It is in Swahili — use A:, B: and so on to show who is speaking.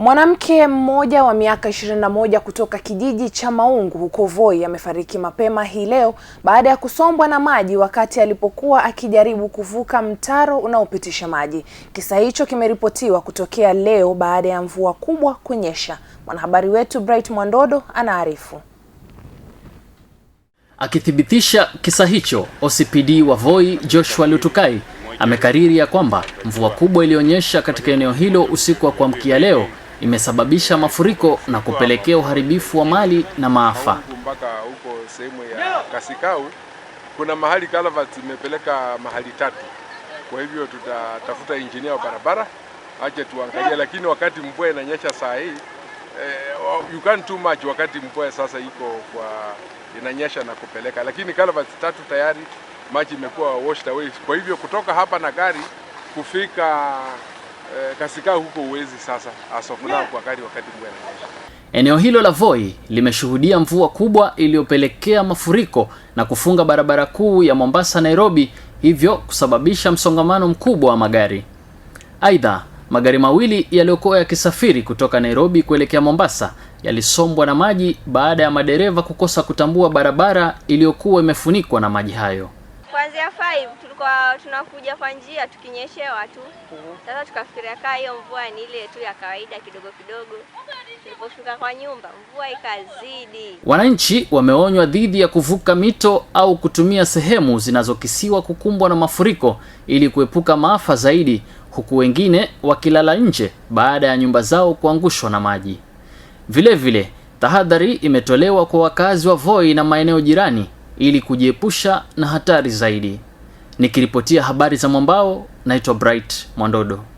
A: Mwanamke mmoja wa miaka 21 kutoka kijiji cha Maungu huko Voi amefariki mapema hii leo baada ya kusombwa na maji wakati alipokuwa akijaribu kuvuka mtaro unaopitisha maji. Kisa hicho kimeripotiwa kutokea leo baada ya mvua kubwa kunyesha. Mwanahabari wetu Bright Mwandodo anaarifu.
B: Akithibitisha kisa hicho, OCPD wa Voi Joshua Lutukai amekariri ya kwamba mvua kubwa iliyonyesha katika eneo hilo usiku wa kuamkia leo imesababisha mafuriko na kupelekea uharibifu wa mali na maafa.
C: Mpaka huko sehemu ya Kasikau kuna mahali kalavati imepeleka mahali tatu, kwa hivyo tutatafuta injinia wa barabara aje tuangalie, lakini wakati mvua inanyesha saa hii eh, you can't too much. Wakati mvua sasa iko kwa inanyesha na kupeleka, lakini kalavati tatu tayari maji imekuwa washed away, kwa hivyo kutoka hapa na gari kufika Eh, kasika huko uwezi sasa asokuna kwa kadi wakati mwema.
B: Eneo hilo la Voi limeshuhudia mvua kubwa iliyopelekea mafuriko na kufunga barabara kuu ya Mombasa Nairobi, hivyo kusababisha msongamano mkubwa wa magari. Aidha, magari mawili yaliyokuwa yakisafiri kutoka Nairobi kuelekea Mombasa yalisombwa na maji baada ya madereva kukosa kutambua barabara iliyokuwa imefunikwa na maji hayo
D: kuanzia five tulikuwa tunakuja kwa njia tukinyeshewa tu. Mhm. Sasa tukafikiria kaa hiyo mvua ni ile tu ya kawaida kidogo kidogo. Tuliposhuka kwa nyumba mvua ikazidi.
B: Wananchi wameonywa dhidi ya kuvuka mito au kutumia sehemu zinazokisiwa kukumbwa na mafuriko ili kuepuka maafa zaidi, huku wengine wakilala nje baada ya nyumba zao kuangushwa na maji. Vilevile tahadhari imetolewa kwa wakazi wa Voi na maeneo jirani ili kujiepusha na hatari zaidi. Nikiripotia habari za mwambao, naitwa Bright Mwandodo.